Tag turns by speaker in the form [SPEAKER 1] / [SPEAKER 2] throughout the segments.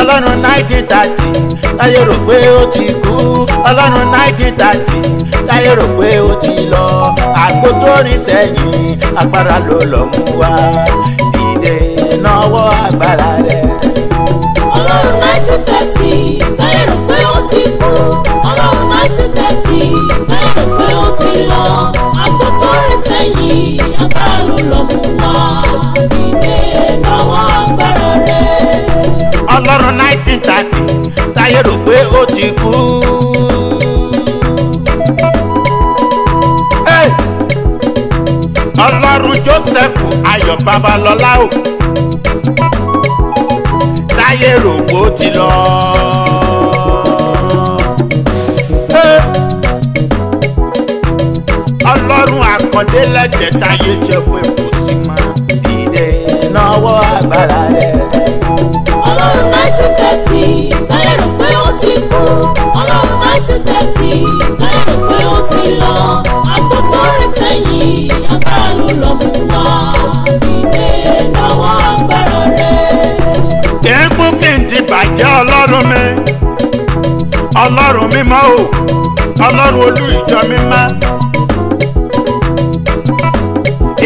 [SPEAKER 1] ọlọ́run nineteen thirty táyé rò pé ó ti kú ọlọ́run nineteen thirty táyé rò pé ó ti lọ àgbo tó rìn sẹ́yìn agbára ló lọ mú wa dìde náwó agbára
[SPEAKER 2] rẹ̀. ọlọ́run nineteen thirty táyé rò pé ó ti kú ọlọ́run nineteen thirty táyé rò pé ó ti lọ àgbo tó rìn sẹ́yìn agbára ló lọ mú wá.
[SPEAKER 1] nineteen thirty táyé rò pé ó ti kú. ọlọ́run joseph ayọ̀ babalọ́lá o táyé rò pé ó ti lọ.
[SPEAKER 2] tẹ́tí táyà rò pé ó ti lọ àgbo tó rìn sẹ́yìn agbára ló lọ mú wá ìdè lọ́wọ́ agbára rẹ̀.
[SPEAKER 1] eégún kì í ti bàjẹ́ ọlọ́run mi ọlọ́run mímọ́ o ọlọ́run olú ìjọ mímọ́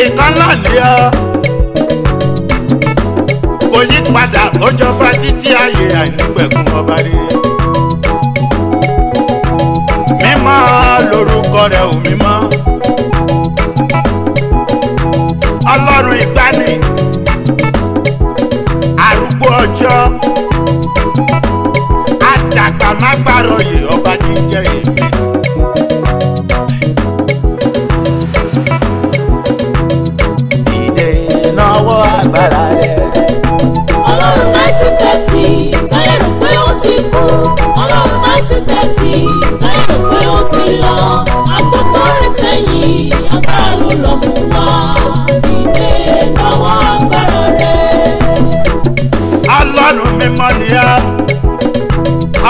[SPEAKER 1] ìkọ́lọ́ọ̀lì ọ kò yí padà ó jọba títí ayé àìnípẹ̀kun ọba rere. orúkọ rẹ̀ ò mímọ́. ọlọ́run ìgbani arúgbó ọjọ́.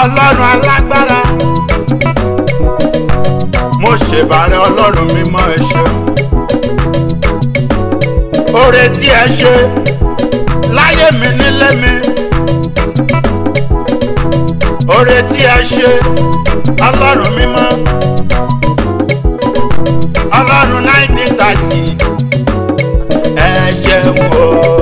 [SPEAKER 1] ọlọ́run alágbára mo ṣèbàrẹ ọlọ́run mímọ́ ẹ ṣe oore tí ẹ ṣe láyé mi nílé mi oore tí ẹ ṣe ọlọ́run mímọ́ ọlọ́run nineteen thirty
[SPEAKER 2] ẹ ṣeun o.